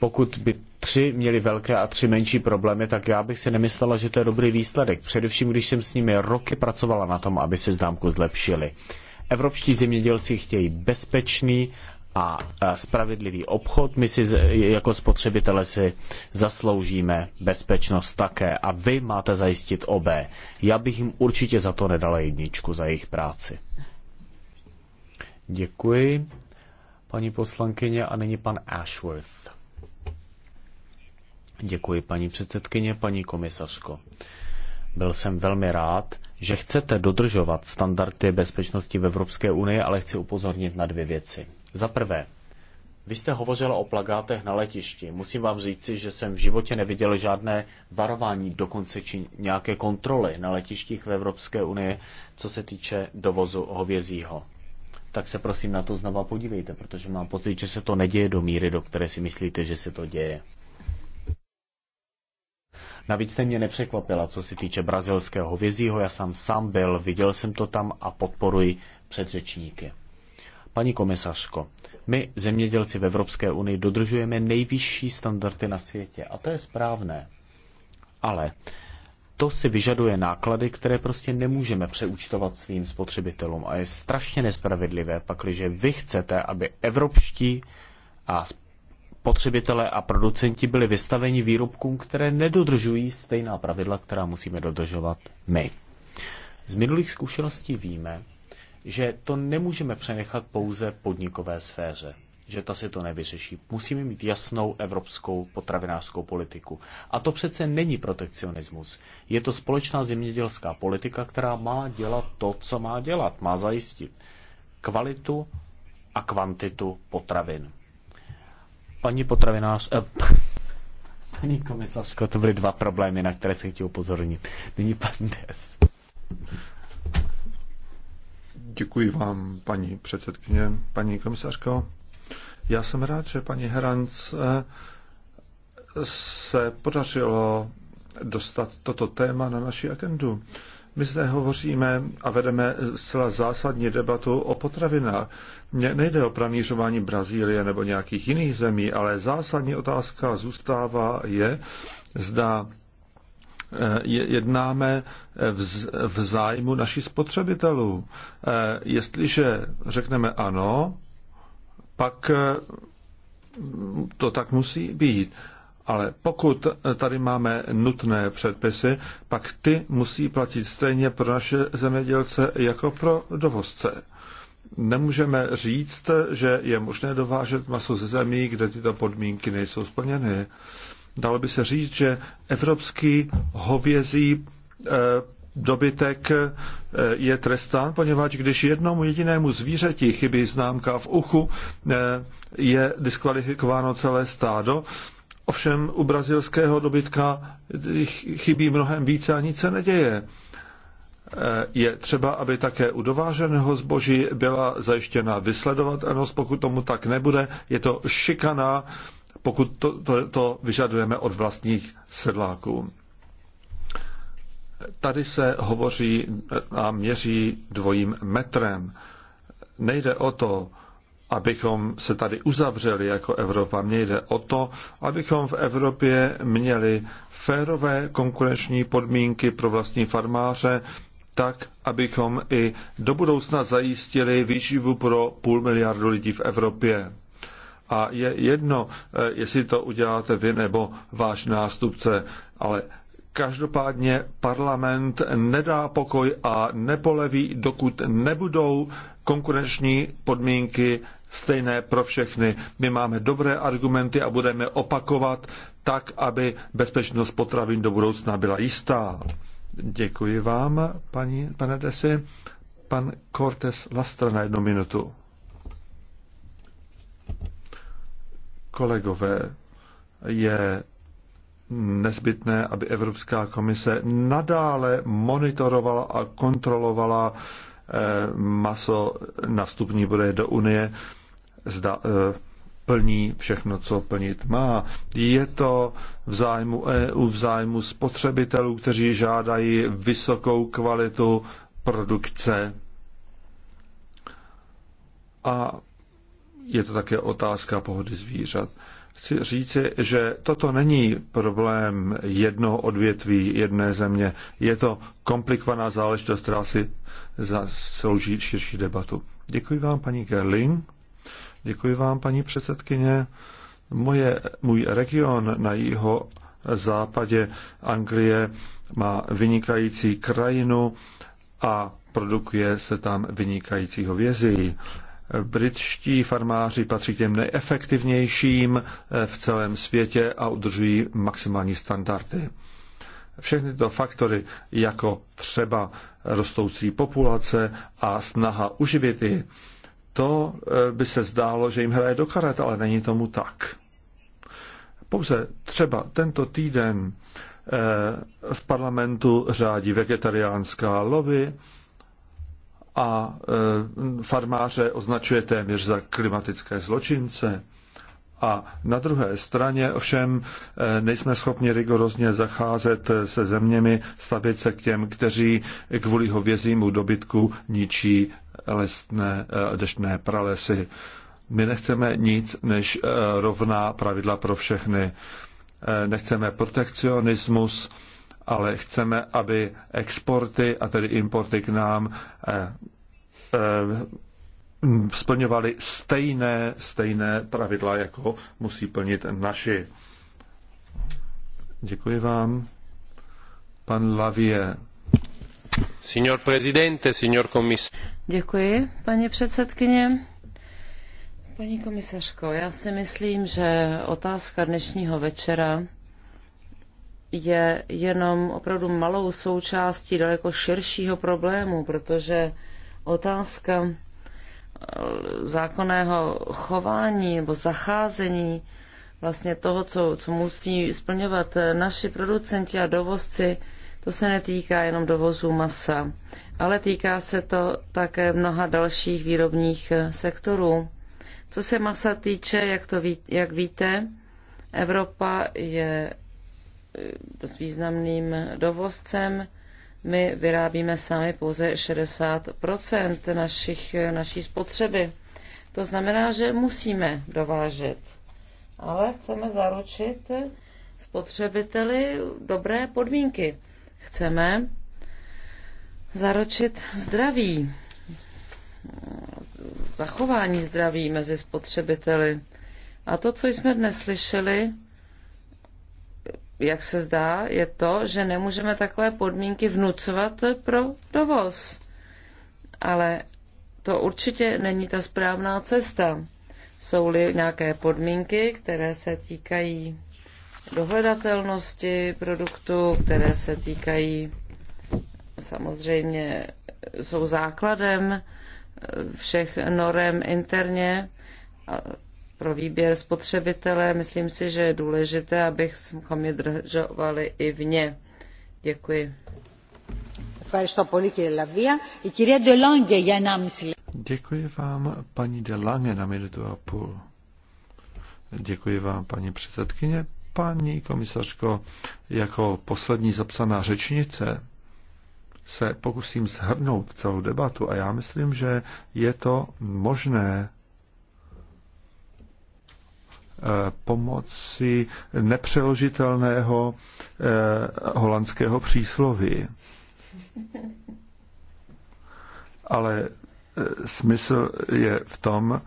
B: pokud by tři měli velké a tři menší problémy, tak já bych si nemyslela, že to je dobrý výsledek. Především, když jsem s nimi roky pracovala na tom, aby se známku zlepšili. Evropští zemědělci chtějí bezpečný a spravedlivý obchod. My si jako spotřebitele si zasloužíme bezpečnost také a vy máte zajistit obé. Já bych jim určitě za to nedala jedničku, za jejich práci. Děkuji, paní poslankyně, a nyní pan Ashworth. Děkuji, paní předsedkyně, paní komisařko. Byl jsem velmi rád, že chcete dodržovat standardy bezpečnosti v Evropské unii, ale chci upozornit na dvě věci. Za prvé, vy jste hovořila o plagátech na letišti. Musím vám říci, že jsem v životě neviděl žádné varování, dokonce či nějaké kontroly na letištích v Evropské unii, co se týče dovozu hovězího. Tak se prosím na to znova podívejte, protože mám pocit, že se to neděje do míry, do které si myslíte, že se to děje. Navíc jste mě nepřekvapila, co se týče brazilského vězího. Já jsem sám byl, viděl jsem to tam a podporuji předřečníky. Paní komisařko, my, zemědělci v Evropské unii, dodržujeme nejvyšší standardy na světě a to je správné. Ale to si vyžaduje náklady, které prostě nemůžeme přeúčtovat svým spotřebitelům a je strašně nespravedlivé, pakliže vy chcete, aby evropští a spotřebitelé a producenti byli vystaveni výrobkům, které nedodržují stejná pravidla, která musíme dodržovat my. Z minulých zkušeností víme, že to nemůžeme přenechat pouze podnikové sféře, že ta si to nevyřeší. Musíme mít jasnou evropskou potravinářskou politiku. A to přece není protekcionismus. Je to společná zemědělská politika, která má dělat to, co má dělat. Má zajistit kvalitu a kvantitu potravin. Paní potravinář, eh, (laughs) paní komisařko, to byly dva problémy, na
A: které se chtěl upozornit. Nyní pan Des. Děkuji vám, paní předsedkyně, paní komisařko. Já jsem rád, že paní Heranc eh, se podařilo dostat toto téma na naši agendu. My zde hovoříme a vedeme zcela zásadní debatu o potravinách. Nejde o pranířování Brazílie nebo nějakých jiných zemí, ale zásadní otázka zůstává je, zda eh, jednáme v zájmu našich spotřebitelů. Eh, jestliže řekneme ano, pak eh, to tak musí být. Ale pokud tady máme nutné předpisy, pak ty musí platit stejně pro naše zemědělce jako pro dovozce nemůžeme říct, že je možné dovážet maso ze zemí, kde tyto podmínky nejsou splněny. Dalo by se říct, že evropský hovězí eh, dobytek eh, je trestán, poněvadž když jednomu jedinému zvířeti chybí známka v uchu, eh, je diskvalifikováno celé stádo. Ovšem u brazilského dobytka chybí mnohem více a nic se neděje je třeba, aby také u dováženého zboží byla zajištěna vysledovatelnost. Pokud tomu tak nebude, je to šikana, pokud to, to, to vyžadujeme od vlastních sedláků. Tady se hovoří a měří dvojím metrem. Nejde o to, abychom se tady uzavřeli jako Evropa. Mně jde o to, abychom v Evropě měli férové konkurenční podmínky pro vlastní farmáře, tak, abychom i do budoucna zajistili výživu pro půl miliardu lidí v Evropě. A je jedno, eh, jestli to uděláte vy nebo váš nástupce, ale každopádně parlament nedá pokoj a nepoleví, dokud nebudou konkurenční podmínky stejné pro všechny. My máme dobré argumenty a budeme opakovat tak, aby bezpečnost potravin do budoucna byla jistá. Děkuji vám, paní, pane Desi. Pan Cortes Lastra na jednu minutu. Kolegové, je nezbytné, aby Evropská komise nadále monitorovala a kontrolovala eh, maso na vstupní bude do Unie. Zda, eh, plní všechno, co plnit má. Je to v zájmu EU, v zájmu spotřebitelů, kteří žádají vysokou kvalitu produkce. A je to také otázka pohody zvířat. Chci říci, že toto není problém jednoho odvětví, jedné země. Je to komplikovaná záležitost, která si zaslouží širší debatu. Děkuji vám, paní Gerling. Děkuji vám, paní předsedkyně. Moje, můj region na jeho západě Anglie má vynikající krajinu a produkuje se tam vynikající hovězí. Britští farmáři patří k těm nejefektivnějším eh, v celém světě a udržují maximální standardy. Všechny tyto faktory, jako třeba rostoucí populace a snaha uživit ji, to eh, by se zdálo, že jim hraje do karet, ale není tomu tak. Pouze třeba tento týden eh, v parlamentu řádí vegetariánská lobby a eh, farmáře označuje téměř za klimatické zločince. A na druhé straně ovšem nejsme schopni rigorozně zacházet se zeměmi, stavit se k těm, kteří kvůli hovězímu dobytku ničí lesné, eh, deštné pralesy. My nechceme nic než eh, rovná pravidla pro všechny. Eh, nechceme protekcionismus, ale chceme, aby exporty a tedy importy k nám splňovaly stejné, stejné pravidla, jako musí plnit naši. Děkuji vám. Pan Lavie. Signor Presidente, signor Commissario
C: Děkuji, paní předsedkyně. Paní komisařko, já si myslím, že otázka dnešního večera je jenom opravdu malou součástí daleko širšího problému, protože otázka eh, zákonného chování nebo zacházení vlastně toho, co, co musí splňovat naši producenti a dovozci, to se netýká jenom dovozu masa, ale týká se to také mnoha dalších výrobních eh, sektorů. Co se masa týče, jak, to ví, jak víte, Evropa je eh, s významným dovozcem. My vyrábíme sami pouze 60 našich, eh, naší spotřeby. To znamená, že musíme dovážet, ale chceme zaručit spotřebiteli dobré podmínky. Chceme zaručit zdraví, zachování zdraví mezi spotřebiteli. A to, co jsme dnes slyšeli, jak se zdá, je to, že nemůžeme takové podmínky vnucovat pro dovoz. Ale to určitě není ta správná cesta. Jsou-li nějaké podmínky, které se týkají dohledatelnosti produktů, které se týkají samozřejmě jsou základem eh, všech norem interně pro výběr spotřebitele. Myslím si, že je důležité, abychom je držovali i vně. Děkuji.
A: Děkuji vám, paní De Lange, na minutu a půl. Děkuji vám, paní předsedkyně. Paní komisařko, jako poslední zapsaná řečnice se pokusím shrnout celou debatu a já myslím, že je to možné eh, pomocí nepřeložitelného eh, holandského přísloví. Ale eh, smysl je v tom,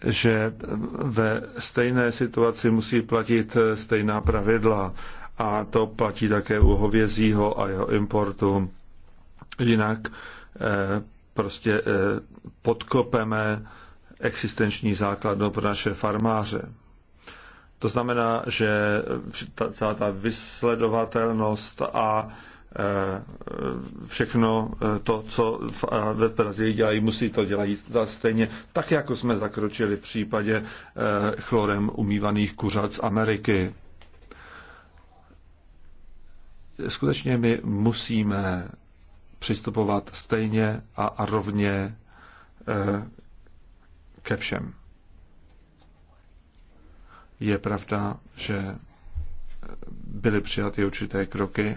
A: že ve stejné situaci musí platit stejná pravidla a to platí také u hovězího a jeho importu. Jinak eh, prostě eh, podkopeme existenční základnu pro naše farmáře. To znamená, že ta, ta, ta vysledovatelnost a Eh, všechno eh, to, co ve Brazílii dělají, musí to dělat stejně, tak jako jsme zakročili v případě eh, chlorem umývaných kuřat z Ameriky. Skutečně my musíme přistupovat stejně a rovně ke všem. Je pravda, že byly přijaty určité kroky,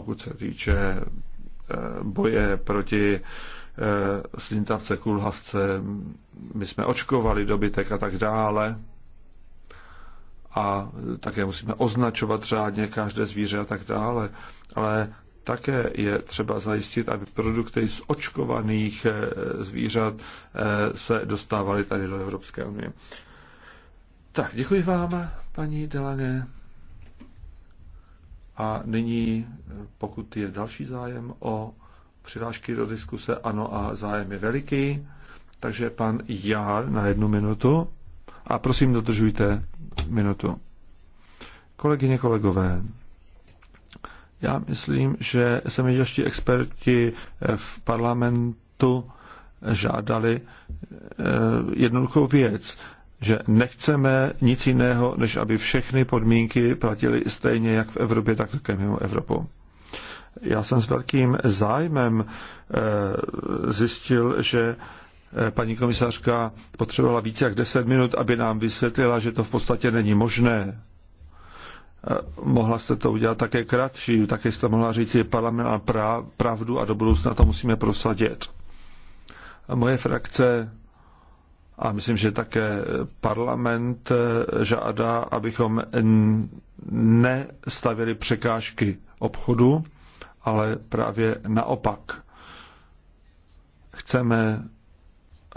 A: pokud se týče eh, boje proti eh, slintavce, kulhavce, my jsme očkovali dobytek a tak dále. A také musíme označovat řádně každé zvíře a tak dále. Ale také je třeba zajistit, aby produkty z očkovaných eh, zvířat se dostávaly tady do Evropské unie. Tak, děkuji vám, paní Delaně. A nyní, pokud je další zájem o přirážky do diskuse, ano, a zájem je veliký, takže pan Jár na jednu minutu. A prosím, dodržujte minutu. Kolegyně, kolegové, já myslím, že zemědělští experti v parlamentu žádali eh, jednoduchou věc že nechceme nic jiného, než aby všechny podmínky platily stejně jak v Evropě, tak také mimo Evropu. Já jsem s velkým zájmem eh, zjistil, že eh, paní komisařka potřebovala více jak 10 minut, aby nám vysvětlila, že to v podstatě není možné. Eh, mohla jste to udělat také kratší, také jste mohla říct, že parlament má pravdu a do budoucna to musíme prosadit. Moje frakce a myslím, že také parlament eh, žádá, abychom nestavili překážky obchodu, ale právě naopak. Chceme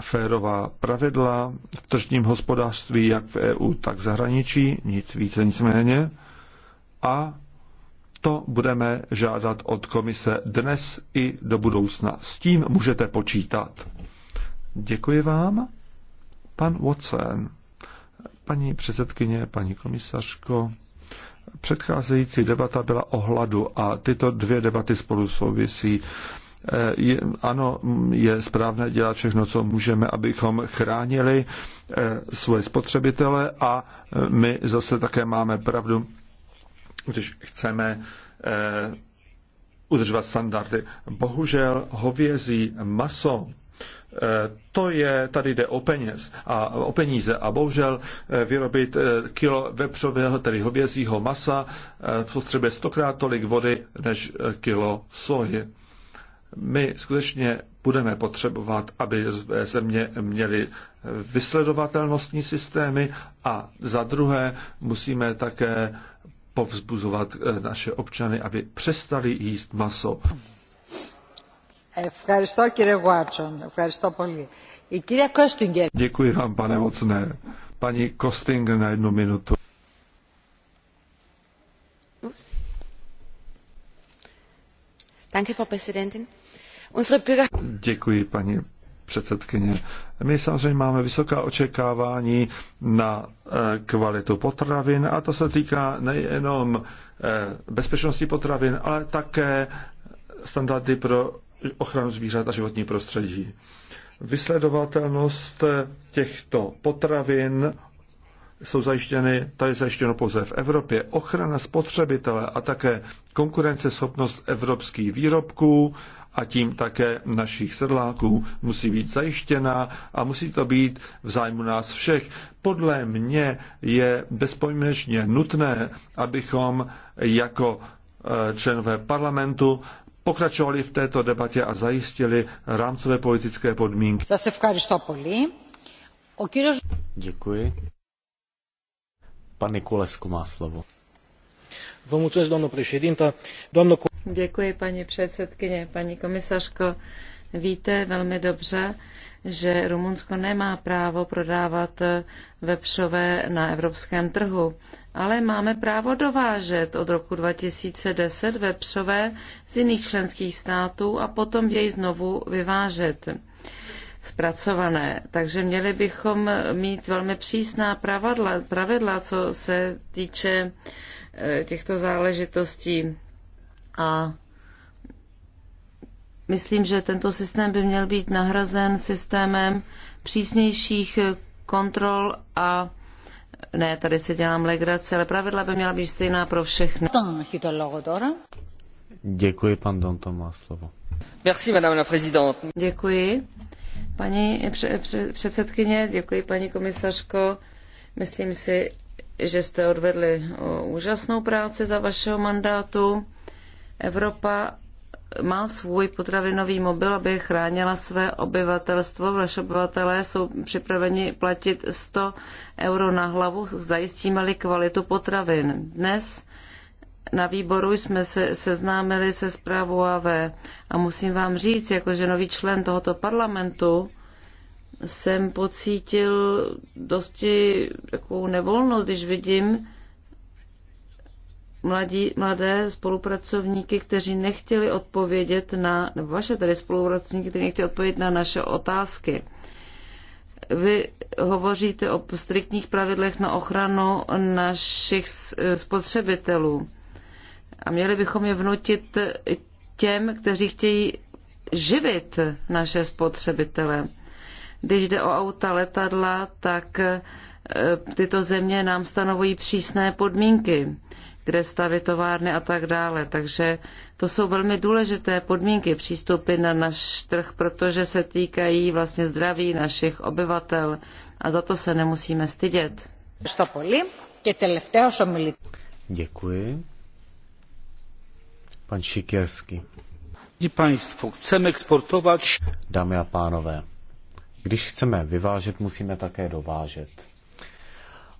A: férová pravidla v tržním hospodářství, jak v EU, tak v zahraničí, nic více, nic méně. A to budeme žádat od komise dnes i do budoucna. S tím můžete počítat. Děkuji vám. Pan Watson, paní předsedkyně, paní komisařko, předcházející debata byla o hladu a tyto dvě debaty spolu souvisí. Eh, je, ano, je správné dělat všechno, co můžeme, abychom chránili eh, svoje spotřebitele a eh, my zase také máme pravdu, když chceme udržovat standardy. Bohužel hovězí maso Eh, to je, tady jde o, peněz a, o peníze a bohužel eh, vyrobit eh, kilo vepřového, tedy hovězího masa, potřebuje stokrát tolik vody než kilo soji. My skutečně budeme potřebovat, aby země měly vysledovatelnostní systémy a za druhé musíme také povzbuzovat naše občany, aby přestali jíst maso. Děkuji vám, pane Vocné. Paní kosting na jednu minutu. Děkuji, paní předsedkyně. My samozřejmě máme vysoká očekávání na eh, kvalitu potravin a to se týká nejenom eh, bezpečnosti potravin, ale také standardy pro ochranu zvířat a životní prostředí. Vysledovatelnost těchto potravin jsou zajištěny, tady je zajištěno pouze v Evropě. Ochrana spotřebitele a také konkurenceschopnost evropských výrobků a tím také našich sedláků musí být zajištěna a musí to být v zájmu nás všech. Podle mě je bezpojmenečně nutné, abychom jako eh, členové parlamentu pokračovali v této debatě a zajistili rámcové politické podmínky. Děkuji.
B: Pan Nikulesku má slovo.
C: Děkuji, paní předsedkyně, paní komisařko. Víte velmi dobře, že Rumunsko nemá právo prodávat vepřové na evropském trhu ale máme právo dovážet od roku 2010 vepřové z jiných členských států a potom jej znovu vyvážet zpracované. Takže měli bychom mít velmi přísná pravidla, pravidla co se týče eh, těchto záležitostí. A myslím, že tento systém by měl být nahrazen systémem přísnějších kontrol a ne, tady si dělám legraci, ale pravidla by měla být stejná pro všechny.
B: Děkuji, pan Donto má slovo.
C: Merci, madame la présidente. Děkuji. Paní předsedkyně, děkuji, paní komisařko. Myslím si, že jste odvedli úžasnou práci za vašeho mandátu. Evropa má svůj potravinový mobil, aby chránila své obyvatelstvo. Vaše obyvatelé jsou připraveni platit 100 euro na hlavu, zajistíme-li kvalitu potravin. Dnes na výboru jsme se seznámili se zprávou AV a musím vám říct, jakože nový člen tohoto parlamentu, jsem pocítil dosti takovou nevolnost, když vidím, mladí, mladé spolupracovníky, kteří nechtěli odpovědět na, nebo vaše tady spolupracovníky, kteří nechtěli odpovědět na naše otázky. Vy hovoříte o striktních pravidlech na ochranu našich spotřebitelů. A měli bychom je vnutit těm, kteří chtějí živit naše spotřebitele. Když jde o auta, letadla, tak e, tyto země nám stanovují přísné podmínky kde staví továrny a tak dále. Takže to jsou velmi důležité podmínky přístupy na náš trh, protože se týkají vlastně zdraví našich obyvatel a za to se nemusíme stydět.
B: Děkuji. Pan Šikierský.
A: exportovat...
B: Dámy a pánové, když chceme vyvážet, musíme také dovážet.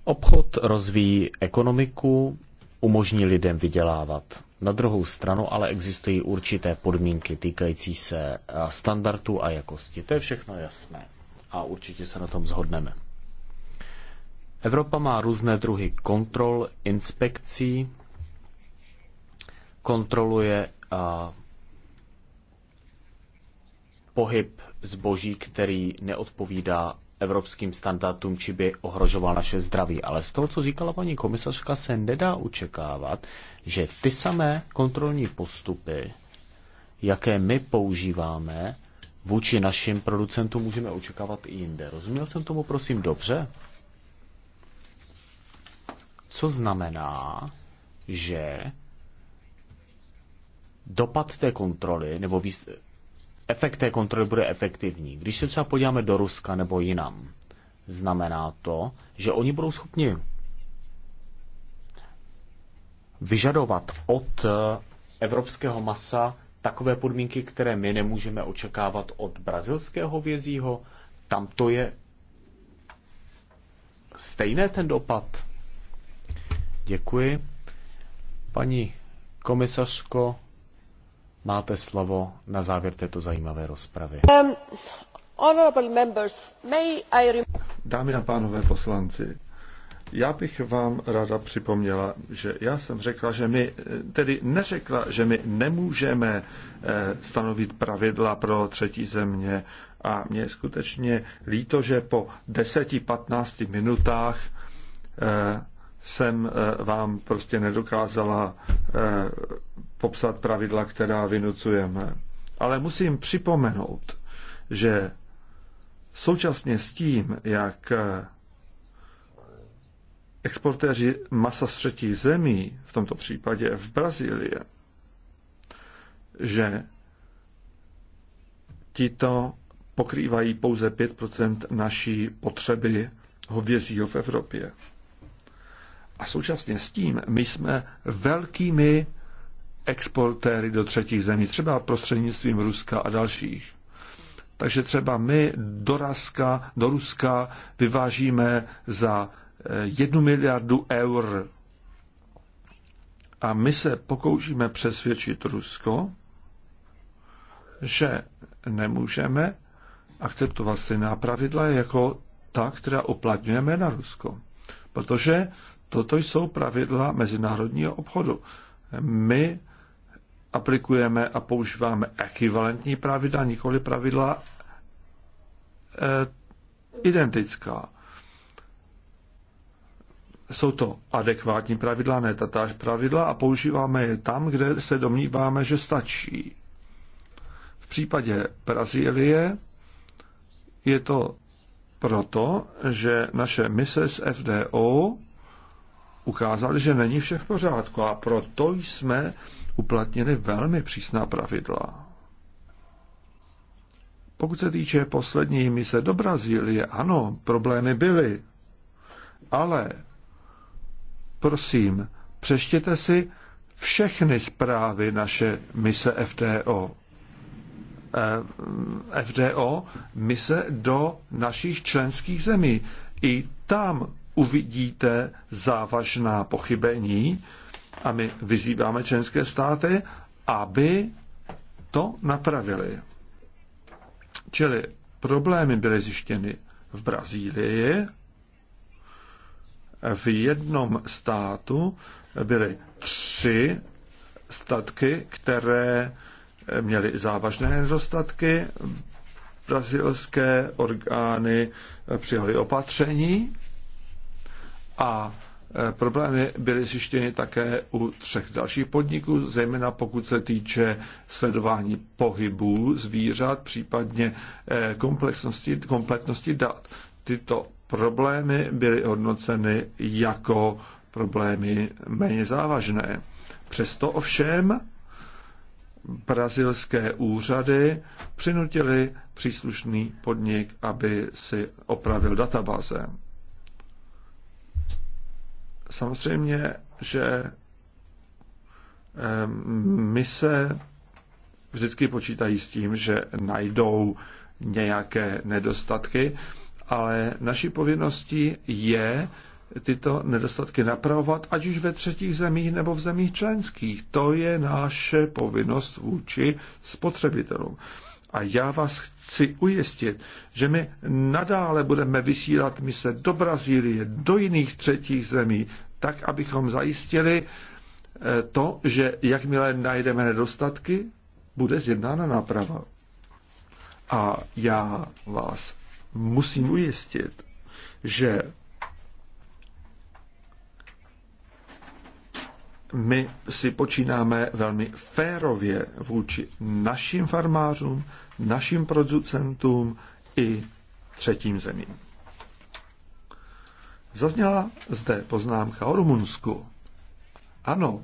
B: Obchod rozvíjí ekonomiku, umožní lidem vydělávat. Na druhou stranu ale existují určité podmínky týkající se eh, standardů a jakosti. To je všechno jasné a určitě se na tom zhodneme. Evropa má různé druhy kontrol, inspekcí, kontroluje a, eh, pohyb zboží, který neodpovídá evropským standardům, či by ohrožoval naše zdraví. Ale z toho, co říkala paní komisařka, se nedá očekávat, že ty samé kontrolní postupy, jaké my používáme, vůči našim producentům můžeme očekávat i jinde. Rozuměl jsem tomu, prosím, dobře? Co znamená, že dopad té kontroly, nebo výst- efekt té kontroly bude efektivní. Když se třeba podíváme do Ruska nebo jinam, znamená to, že oni budou schopni vyžadovat od eh, evropského masa takové podmínky, které my nemůžeme očekávat od brazilského vězího. Tam to je stejné ten dopad. Děkuji. Paní komisařko, Máte slovo na závěr této zajímavé rozpravy. Um,
A: Dámy a pánové poslanci, já bych vám ráda připomněla, že já jsem řekla, že my, tedy neřekla, že my nemůžeme eh, stanovit pravidla pro třetí země a mě je skutečně líto, že po 10-15 minutách eh, jsem eh, vám prostě nedokázala popsat pravidla, která vynucujeme. Ale musím připomenout, že současně s tím, jak exportéři masa z třetích zemí, v tomto případě v Brazílii, že tito pokrývají pouze 5 naší potřeby hovězího v Evropě. A současně s tím my jsme velkými exportéry do třetích zemí, třeba prostřednictvím Ruska a dalších. Takže třeba my do, Raska, do Ruska vyvážíme za eh, jednu miliardu eur. A my se pokoušíme přesvědčit Rusko, že nemůžeme akceptovat stejná pravidla jako ta, která uplatňujeme na Rusko. Protože toto jsou pravidla mezinárodního obchodu. My aplikujeme a používáme ekvivalentní pravidla, nikoli pravidla eh, identická. Jsou to adekvátní pravidla, ne tatáž pravidla a používáme je tam, kde se domníváme, že stačí. V případě Brazílie je to proto, že naše mise FDO ukázali, že není vše v pořádku a proto jsme uplatnili velmi přísná pravidla. Pokud se týče poslední mise do Brazílie, ano, problémy byly. Ale, prosím, přeštěte si všechny zprávy naše mise FTO. Eh, FDO mise do našich členských zemí. I tam uvidíte závažná pochybení, a my vyzýváme členské státy, aby to napravili. Čili problémy byly zjištěny v Brazílii, v jednom státu byly tři statky, které měly závažné nedostatky. Brazilské orgány přijaly opatření a Eh, problémy byly zjištěny také u třech dalších podniků, zejména pokud se týče sledování pohybů zvířat, případně eh, komplexnosti, kompletnosti dat. Tyto problémy byly hodnoceny jako problémy méně závažné. Přesto ovšem brazilské úřady přinutily příslušný podnik, aby si opravil databáze. Samozřejmě, že eh, my se vždycky počítají s tím, že najdou nějaké nedostatky, ale naší povinností je tyto nedostatky napravovat, ať už ve třetích zemích nebo v zemích členských. To je naše povinnost vůči spotřebitelům. A já vás chci ujistit, že my nadále budeme vysílat mise do Brazílie, do jiných třetích zemí, tak, abychom zajistili eh, to, že jakmile najdeme nedostatky, bude zjednána náprava. A já vás musím ujistit, že my si počínáme velmi férově vůči našim farmářům, našim producentům i třetím zemím. Zazněla zde poznámka o Rumunsku. Ano,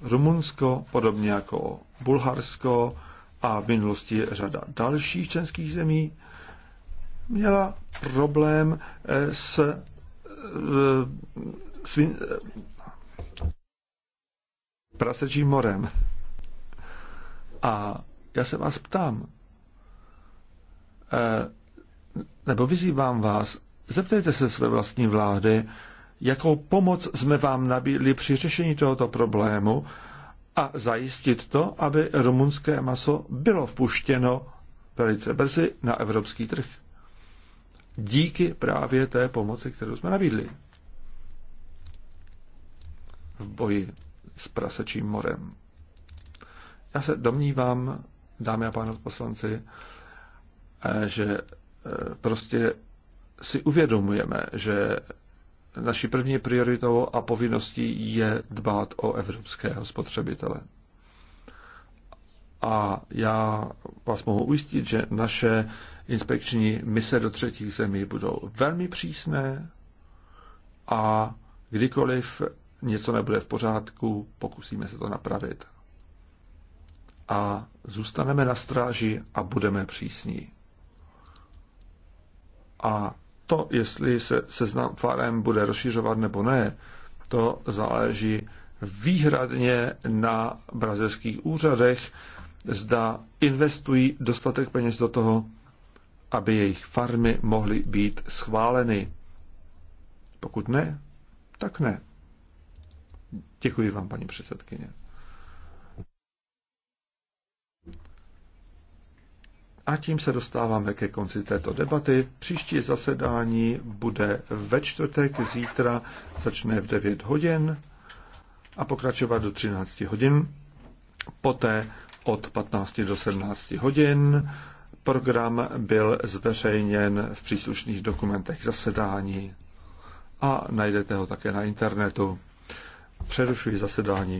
A: Rumunsko, podobně jako Bulharsko a v minulosti řada dalších českých zemí, měla problém eh, s, eh, s, prasečím morem. A já se vás ptám, eh, nebo vyzývám vás, zeptejte se své vlastní vlády, jakou pomoc jsme vám nabídli při řešení tohoto problému a zajistit to, aby rumunské maso bylo vpuštěno velice brzy na evropský trh. Díky právě té pomoci, kterou jsme nabídli v boji s prasečím morem. Já se domnívám, dámy a pánové poslanci, že eh, prostě si uvědomujeme, že naší první prioritou a povinností je dbát o evropského spotřebitele. A já vás mohu ujistit, že naše inspekční mise do třetích zemí budou velmi přísné a kdykoliv něco nebude v pořádku, pokusíme se to napravit. A zůstaneme na stráži a budeme přísní. A to, jestli se seznam farem bude rozšiřovat nebo ne, to záleží výhradně na brazilských úřadech, zda investují dostatek peněz do toho, aby jejich farmy mohly být schváleny. Pokud ne, tak ne. Děkuji vám, paní předsedkyně. A tím se dostáváme ke konci této debaty. Příští zasedání bude ve čtvrtek, zítra začne v 9 hodin a pokračovat do 13 hodin. Poté od 15 do 17 hodin. Program byl zveřejněn v příslušných dokumentech zasedání a najdete ho také na internetu. Přerušuji zasedání.